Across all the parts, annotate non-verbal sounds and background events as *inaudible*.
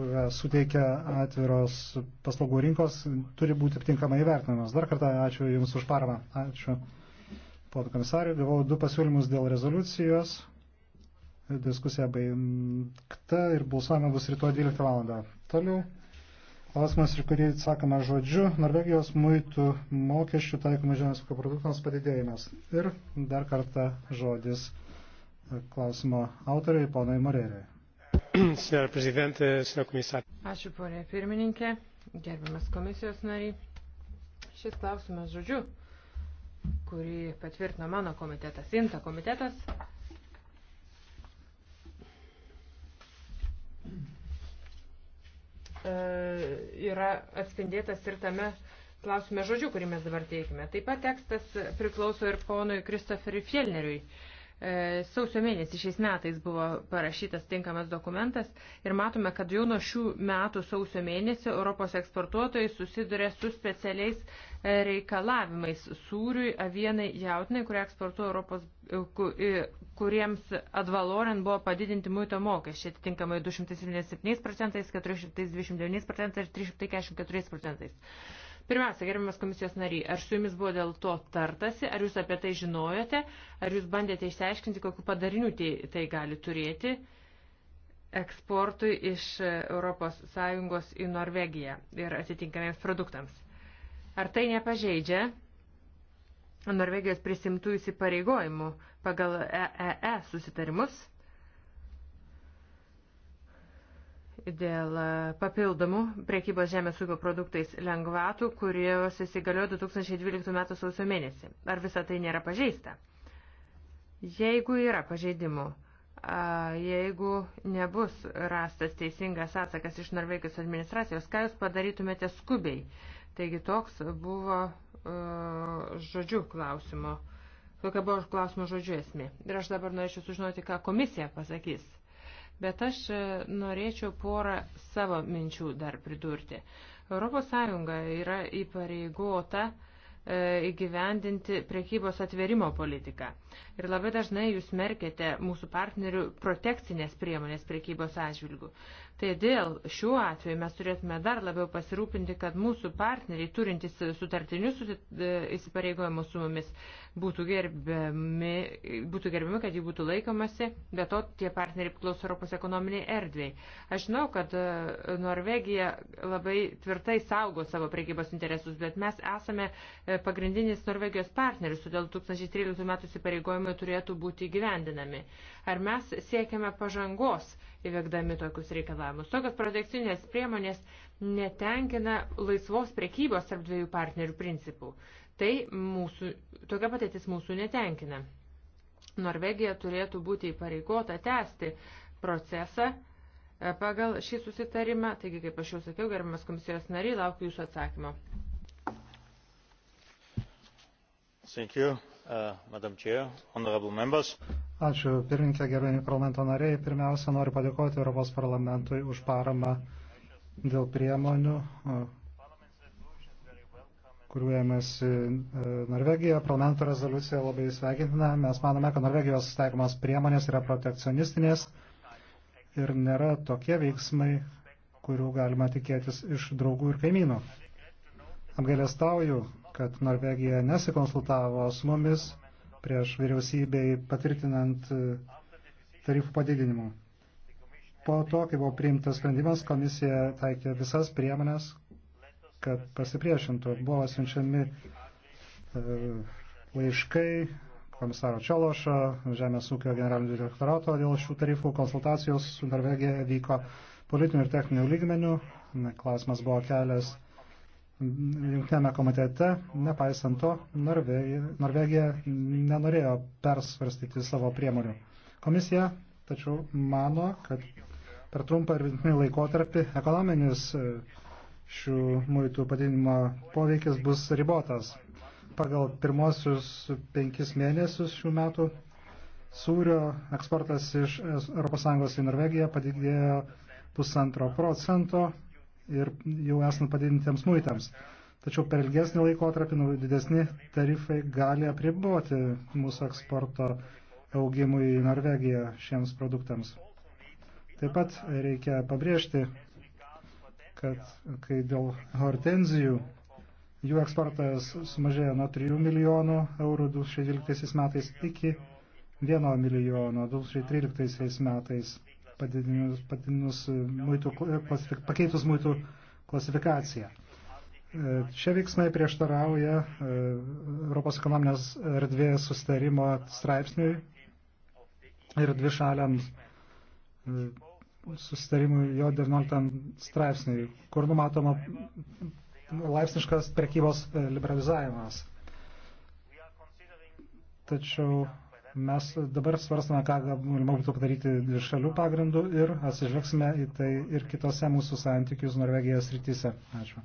kurią suteikia atviros paslaugų rinkos, turi būti aptinkamai įvertinamas. Dar kartą ačiū Jums už paramą. Ačiū. Ponu komisariu, gavau du pasiūlymus dėl rezoliucijos. Diskusija baigta ir balsuojama bus rytoj 12 val. Toliau. Klausimas, ir kurį sakoma žodžiu, Norvegijos muitų mokesčių taikomų žemės ūkio produktams padidėjimas. Ir dar kartą žodis klausimo autoriai, ponai Moreriai. *clears throat* Senora prezidentė, senora komisarė. Ačiū, ponė pirmininkė, gerbiamas komisijos nariai. Šis klausimas žodžiu, kurį patvirtino mano komitetas, INTA komitetas, e, yra atspindėtas ir tame klausime žodžiu, kurį mes dabar teikime. Taip pat tekstas priklauso ir ponui Kristoferiui Fjellneriui. E, sausio mėnesį šiais metais buvo parašytas tinkamas dokumentas ir matome, kad jau nuo šių metų sausio mėnesį Europos eksportuotojai susiduria su specialiais e, reikalavimais sūriui, avienai, jautinai, kurie eksportuoja Europos, e, kuriems advaloren buvo padidinti muito mokesčiai atitinkamai 277 procentais, 429 procentais ir 344 procentais. Pirmiausia, gerbiamas komisijos nariai, ar su jumis buvo dėl to tartasi, ar jūs apie tai žinojote, ar jūs bandėte išsiaiškinti, kokiu padariniu tai, tai gali turėti eksportui iš ES į Norvegiją ir atitinkamiems produktams. Ar tai nepažeidžia Norvegijos prisimtų įsipareigojimų pagal EEE e e susitarimus? dėl e, papildomų prekybos žemės ūkio produktais lengvatų, kurios įsigaliojo 2012 m. sausio mėnesį. Ar visa tai nėra pažeista? Jeigu yra pažeidimų, jeigu nebus rastas teisingas atsakas iš Norvegijos administracijos, ką jūs padarytumėte skubiai? Taigi toks buvo e, žodžių klausimo. Kokia buvo klausimo žodžių esmė? Ir aš dabar norėčiau sužinoti, ką komisija pasakys bet aš e, norėčiau porą savo minčių dar pridurti. ES yra įpareigota e, įgyvendinti prekybos atverimo politiką. Ir labai dažnai jūs merkite mūsų partnerių protekcinės priemonės prekybos atžvilgių. Tai dėl šiuo atveju mes turėtume dar labiau pasirūpinti, kad mūsų partneriai turintys sutartinius e, įsipareigojimus su mumis būtų gerbiami, būtų gerbiami, kad jų būtų laikomasi, bet to tie partneriai priklauso Europos ekonominiai erdvėjai. Aš žinau, kad e, Norvegija labai tvirtai saugo savo priekybos interesus, bet mes esame e, pagrindinis Norvegijos partneris, todėl 2013 metų įsipareigojimai turėtų būti įgyvendinami. Ar mes siekiame pažangos? įvegdami tokius reikalavimus. Tokios protekcinės priemonės netenkina laisvos prekybos tarp dviejų partnerių principų. Tai mūsų, tokia patėtis mūsų netenkina. Norvegija turėtų būti įpareigota tęsti procesą e, pagal šį susitarimą. Taigi, kaip aš jau sakiau, gerbiamas komisijos nariai, laukiu jūsų atsakymo. Thank you. Uh, Ačiū, pirmininkė, gerbėjai parlamento nariai. Pirmiausia, noriu padėkoti Europos parlamentui už paramą dėl priemonių, uh, kurių ėmėsi uh, Norvegija. Parlamento rezoliucija labai sveikintina. Mes manome, kad Norvegijos taikomas priemonės yra protekcionistinės ir nėra tokie veiksmai, kurių galima tikėtis iš draugų ir kaimynų. Apgailestauju, kad Norvegija nesikonsultavo su mumis prieš vyriausybei patvirtinant e, tarifų padidinimų. Po to, kai buvo priimtas sprendimas, komisija taikė visas priemonės, kad pasipriešintų. Buvo siunčiami e, laiškai komisaro Čiološo, Žemės ūkio generalinio direktorato dėl šių tarifų konsultacijos su Norvegija vyko politinių ir techninių lygmenių. Klausimas buvo kelias jungtinėme komitete, nepaisant to, Norvegija, Norvegija nenorėjo persvarstyti savo priemonių. Komisija tačiau mano, kad per trumpą ir vidutinį laikotarpį ekonominis e, šių muitų padidinimo poveikis bus ribotas. Pagal pirmosius penkis mėnesius šių metų sūrio eksportas iš ES į Norvegiją padidėjo pusantro procento ir jau esant padidintiems muitams. Tačiau per ilgesnį laikotarpį nu, didesni tarifai gali apriboti mūsų eksporto augimui į Norvegiją šiems produktams. Taip pat reikia pabrėžti, kad kai dėl hortenzijų jų eksportas sumažėjo nuo 3 milijonų eurų 2012 metais iki 1 milijono 2013 metais padidinus, padidinus muitų, pakeitus muitų klasifikaciją. E, šie veiksmai prieštarauja e, Europos ekonominės erdvės sustarimo straipsniui ir dvišaliams e, sustarimui jo 19 straipsniui, kur numatoma laipsniškas prekybos liberalizavimas. Tačiau Mes dabar svarstame, ką galima būtų padaryti dvišalių pagrindų ir atsižvelgsime į tai ir kitose mūsų santykius Norvegijos rytise. Ačiū.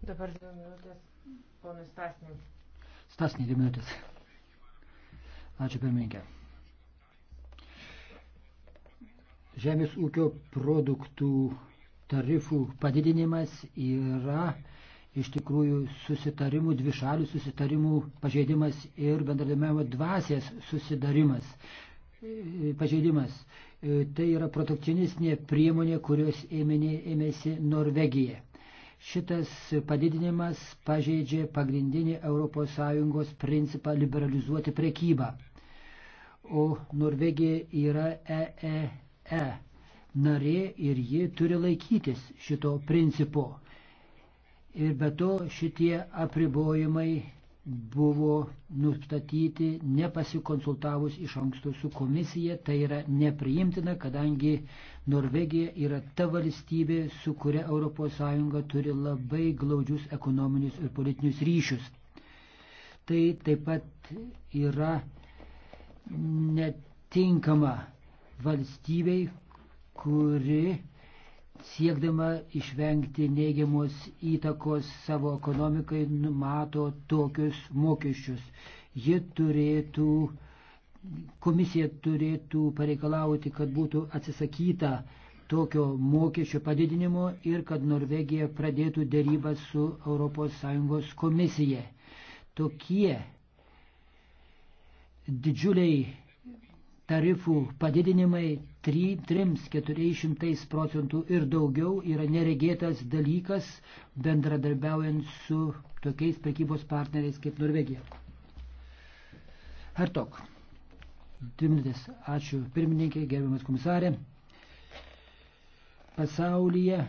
Dabar dvi minutės, ponas Stasnė. Stasnė, dvi minutės. Ačiū pirmininkė. Žemės ūkio produktų tarifų padidinimas yra iš tikrųjų susitarimų, dvišalių susitarimų pažeidimas ir bendradarbiavimo dvasės susidarimas, e, pažeidimas. E, tai yra protekcionistinė priemonė, kurios ėmėsi, ėmėsi Norvegija. Šitas padidinimas pažeidžia pagrindinį ES principą liberalizuoti prekybą. O Norvegija yra EEE e narė ir ji turi laikytis šito principo Ir be to šitie apribojimai buvo nustatyti nepasikonsultavus iš anksto su komisija. Tai yra nepriimtina, kadangi Norvegija yra ta valstybė, su kuria ES turi labai glaudžius ekonominius ir politinius ryšius. Tai taip pat yra netinkama valstybei, kuri siekdama išvengti neigiamos įtakos savo ekonomikai, numato tokius mokesčius. Ji turėtų, komisija turėtų pareikalauti, kad būtų atsisakyta tokio mokesčio padidinimo ir kad Norvegija pradėtų dėrybą su ES komisija. Tokie didžiuliai tarifų padidinimai 3-400 procentų ir daugiau yra neregėtas dalykas bendradarbiaujant su tokiais prekybos partneriais kaip Norvegija. Hartok. Dvi minutės. Ačiū pirmininkė, gerbiamas komisarė. Pasaulyje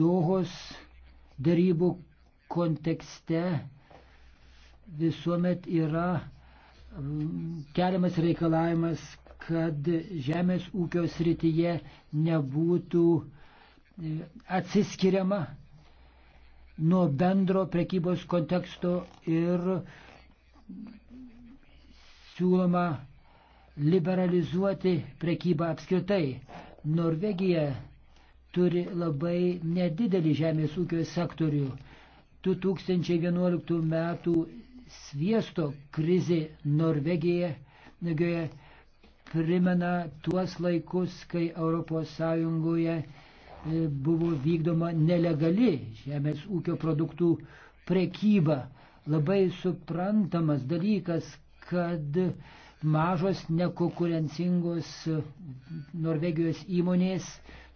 Dohos dėrybų kontekste visuomet yra keliamas reikalavimas, kad žemės ūkio srityje nebūtų e, atsiskiriama nuo bendro prekybos konteksto ir siūloma liberalizuoti prekybą apskritai. Norvegija turi labai nedidelį žemės ūkio sektorių. 2011 metų sviesto krizė Norvegijoje primena tuos laikus, kai ES e, buvo vykdoma nelegali žemės ūkio produktų prekyba. Labai suprantamas dalykas, kad mažos nekonkurencingos Norvegijos įmonės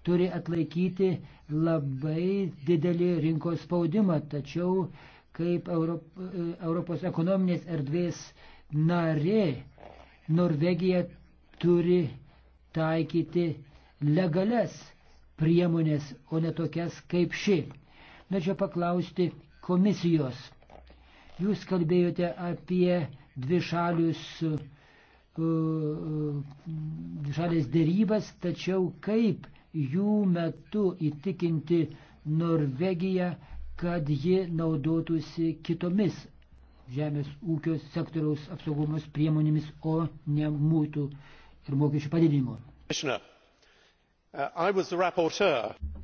turi atlaikyti labai didelį rinkos spaudimą, tačiau kaip Europos ekonominės erdvės narė, Norvegija turi taikyti legales priemonės, o ne tokias kaip ši. Norėčiau paklausti komisijos. Jūs kalbėjote apie dvišalius dvišalės dėrybas, tačiau kaip jų metu įtikinti Norvegiją, kad ji naudotųsi kitomis žemės ūkio sektoriaus apsaugomos priemonėmis, o ne mūtų ir mokesčių padidinimo. Uh,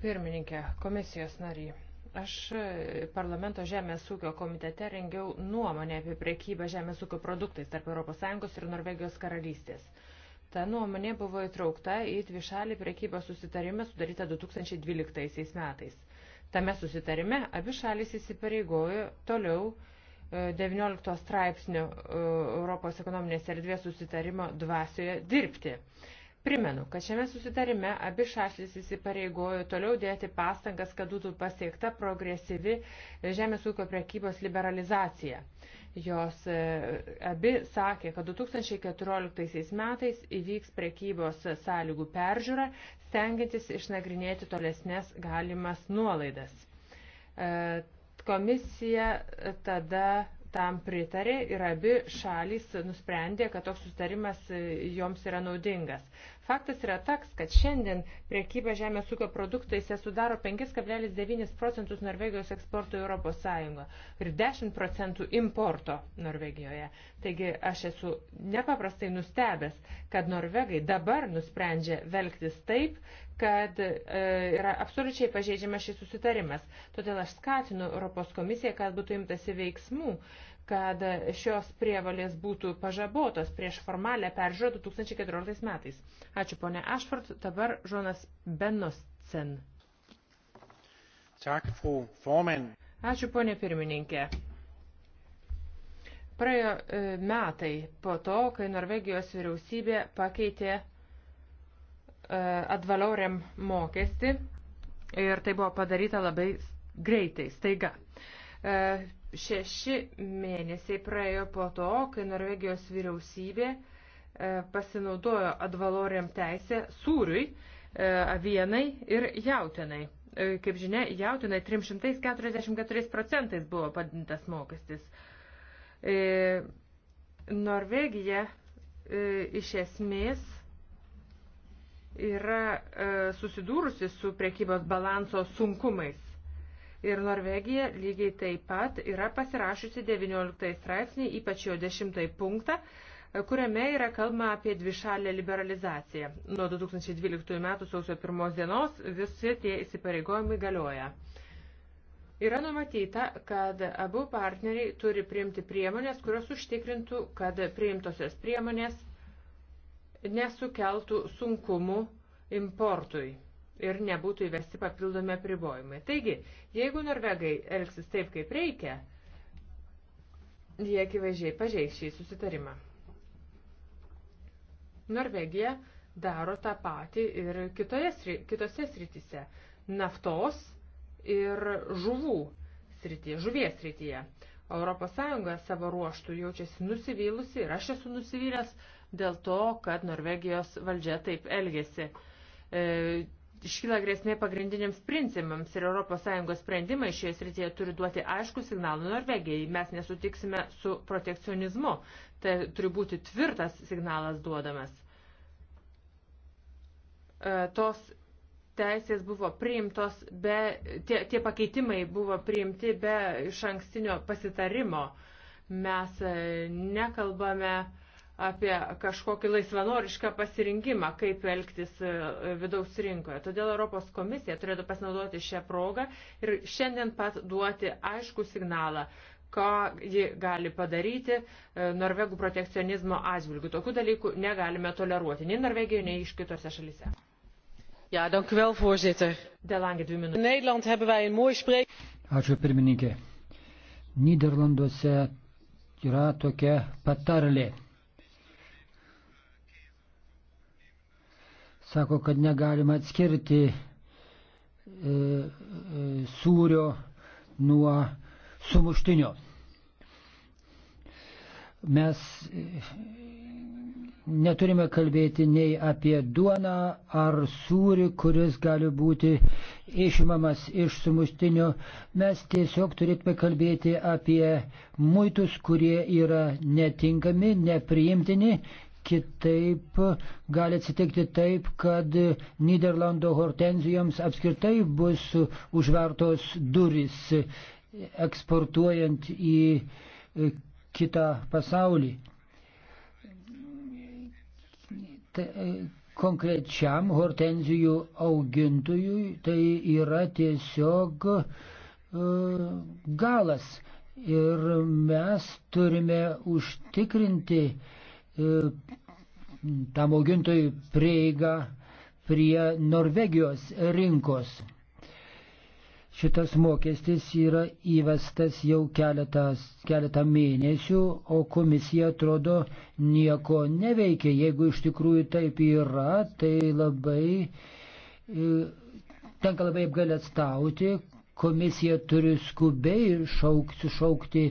Pirmininkė, komisijos nariai. Aš e, parlamento žemės ūkio komitete rengiau nuomonę apie priekybą žemės ūkio produktais tarp ES ir Norvegijos karalystės. Ta nuomonė buvo įtraukta į dvišalį priekybą susitarimą sudarytą 2012 metais. Tame susitarime abi šalis įsipareigojo toliau 19 e, straipsnio e, Europos ekonominės erdvės susitarimo dvasioje dirbti. Primenu, kad šiame susitarime abi šalis įsipareigojo toliau dėti pastangas, kad būtų pasiekta progresyvi žemės ūkio prekybos liberalizacija. Jos e, abi sakė, kad 2014 metais įvyks prekybos sąlygų peržiūra, stengiantis išnagrinėti tolesnės galimas nuolaidas. E, komisija tada tam pritarė ir abi šalys nusprendė, kad toks sustarimas e, joms yra naudingas. Faktas yra toks, kad šiandien priekyba žemės ūkio produktais sudaro 5,9 procentus Norvegijos eksporto Europos Sąjungo ir 10 procentų importo Norvegijoje. Taigi aš esu nepaprastai nustebęs, kad norvegai dabar nusprendžia velgtis taip, kad e, yra absoliučiai pažeidžiamas šis susitarimas. Todėl aš skatinu Europos komisiją, kad būtų imtasi veiksmų. E, kad šios prievalės būtų pažabotos prieš formalę peržiūrą 2014 metais. Ačiū ponė Ashford, dabar Žonas Benoscen. Tak, fru Forman. Ačiū ponė pirmininkė. Praėjo e, metai po to, kai Norvegijos vyriausybė pakeitė e, advalauriam mokestį ir tai buvo padaryta labai greitai, staiga. E, šeši mėnesiai praėjo po to, kai Norvegijos vyriausybė e, pasinaudojo advaloriam teisę sūriui, e, avienai ir jautinai. Kaip žinia, jautinai 344 procentais buvo padintas mokestis. Norvegija iš esmės yra susidūrusi su prekybos balanso sunkumais. Ir Norvegija lygiai taip pat yra pasirašusi 19 straipsnį, ypač jo 10 punktą, kuriame yra kalbama apie dvišalę liberalizaciją. Nuo 2012 m. sausio 1 dienos visi tie įsipareigojimai galioja. Yra numatyta, kad abu partneriai turi priimti priemonės, kurios užtikrintų, kad priimtosios priemonės nesukeltų sunkumų importui ir nebūtų įvesti papildomi apribojimai. Taigi, jeigu norvegai elgsis taip, kaip reikia, jie akivaizdžiai pažeis šį susitarimą. Norvegija daro tą patį ir kitoje, kitose srityse - naftos ir žuvų srityje, žuvies srityje. ES savo ruoštų jaučiasi nusivylusi ir aš esu nusivylęs dėl to, kad Norvegijos valdžia taip elgesi. E, iškyla grėsmė pagrindiniams principams ir ES sprendimai šioje srityje turi duoti aišku signalą Norvegijai. Mes nesutiksime su protekcionizmu. Tai turi būti tvirtas signalas duodamas. E, tos teisės buvo priimtos be, tie, tie pakeitimai buvo priimti be iš ankstinio pasitarimo. Mes e, nekalbame apie kažkokį laisvanorišką pasirinkimą, kaip elgtis e, vidaus rinkoje. Todėl Europos komisija turėtų pasinaudoti šią progą ir šiandien pat duoti aišku signalą, ką ji gali padaryti e, norvegų protekcionizmo atžvilgių. Tokių dalykų negalime toleruoti nei Norvegijoje, nei iš kitose šalise. Ja, dank u wel, voorzitter. De lange drie minuten. In Nederland hebben wij een mooi spreek. Ačiū pirmininkė. Niderlanduose yra tokia patarlė sako, kad negalima atskirti e, e, sūrio nuo sumuštinio. Mes e, neturime kalbėti nei apie duoną ar sūrį, kuris gali būti išimamas iš sumuštinio. Mes tiesiog turėtume kalbėti apie muitus, kurie yra netinkami, nepriimtini Kitaip gali atsitikti taip, kad Niderlando hortenzijoms apskritai bus užvertos duris eksportuojant į kitą pasaulį. Konkrečiam hortenzijų augintojui tai yra tiesiog e, galas ir mes turime užtikrinti, E, tam augintojui prieigą prie Norvegijos rinkos. Šitas mokestis yra įvestas jau keletas, keletą mėnesių, o komisija atrodo nieko neveikia. Jeigu iš tikrųjų taip yra, tai labai e, tenka labai apgalėstauti, Komisija turi skubiai šaukti, šaukti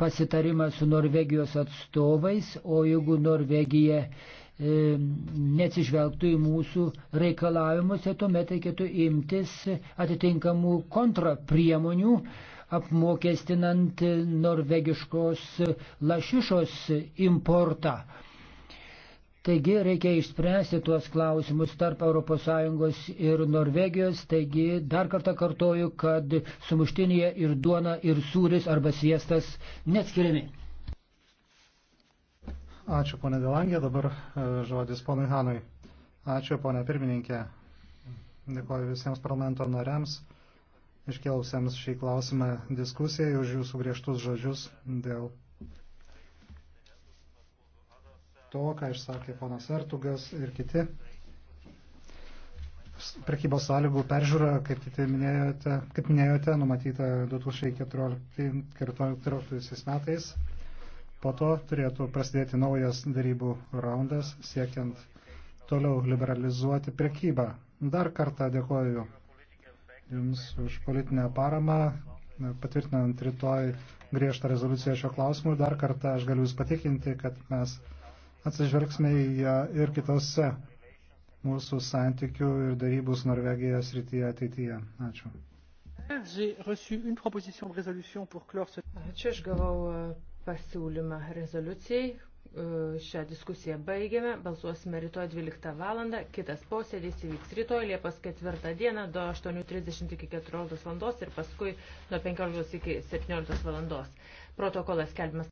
pasitarimą su Norvegijos atstovais, o jeigu Norvegija e, neatsižvelgtų į mūsų reikalavimus, tai tuomet reikėtų imtis atitinkamų kontrapriemonių, apmokestinant norvegiškos lašišos importą. Taigi reikia išspręsti tuos klausimus tarp ES ir Norvegijos. Taigi dar kartą kartoju, kad sumuštinėje ir duona, ir sūris arba sviestas neatskiriami. Ačiū, ponė Delangė. Dabar e, žodis ponui Hanui. Ačiū, ponė pirmininkė. Dėkuoju visiems parlamento nariams iškėlusiems šį klausimą diskusijai už jūsų griežtus žodžius dėl to, ką išsakė ponas Artugas ir kiti. Prekybos sąlygų peržiūra, kaip, minėjote, kaip minėjote, numatyta 2014 metais. Po to turėtų prasidėti naujas darybų raundas, siekiant toliau liberalizuoti prekybą. Dar kartą dėkoju Jums už politinę paramą, patvirtinant rytoj griežtą rezoliuciją šio klausimu. Dar kartą aš galiu Jūs patikinti, kad mes atsižvelgsime į ją ir kitose mūsų santykių ir darybų su Norvegija srityje ateityje. Ačiū. Ačiū, aš gavau e, pasiūlymą rezoliucijai. E, šią diskusiją baigėme, balsuosime rytoj 12 val. Kitas posėdis įvyks rytoj Liepos 4 dieną nuo 8.30 iki 14 val. ir paskui nuo 15 iki 17 val. Protokolas kelbimas.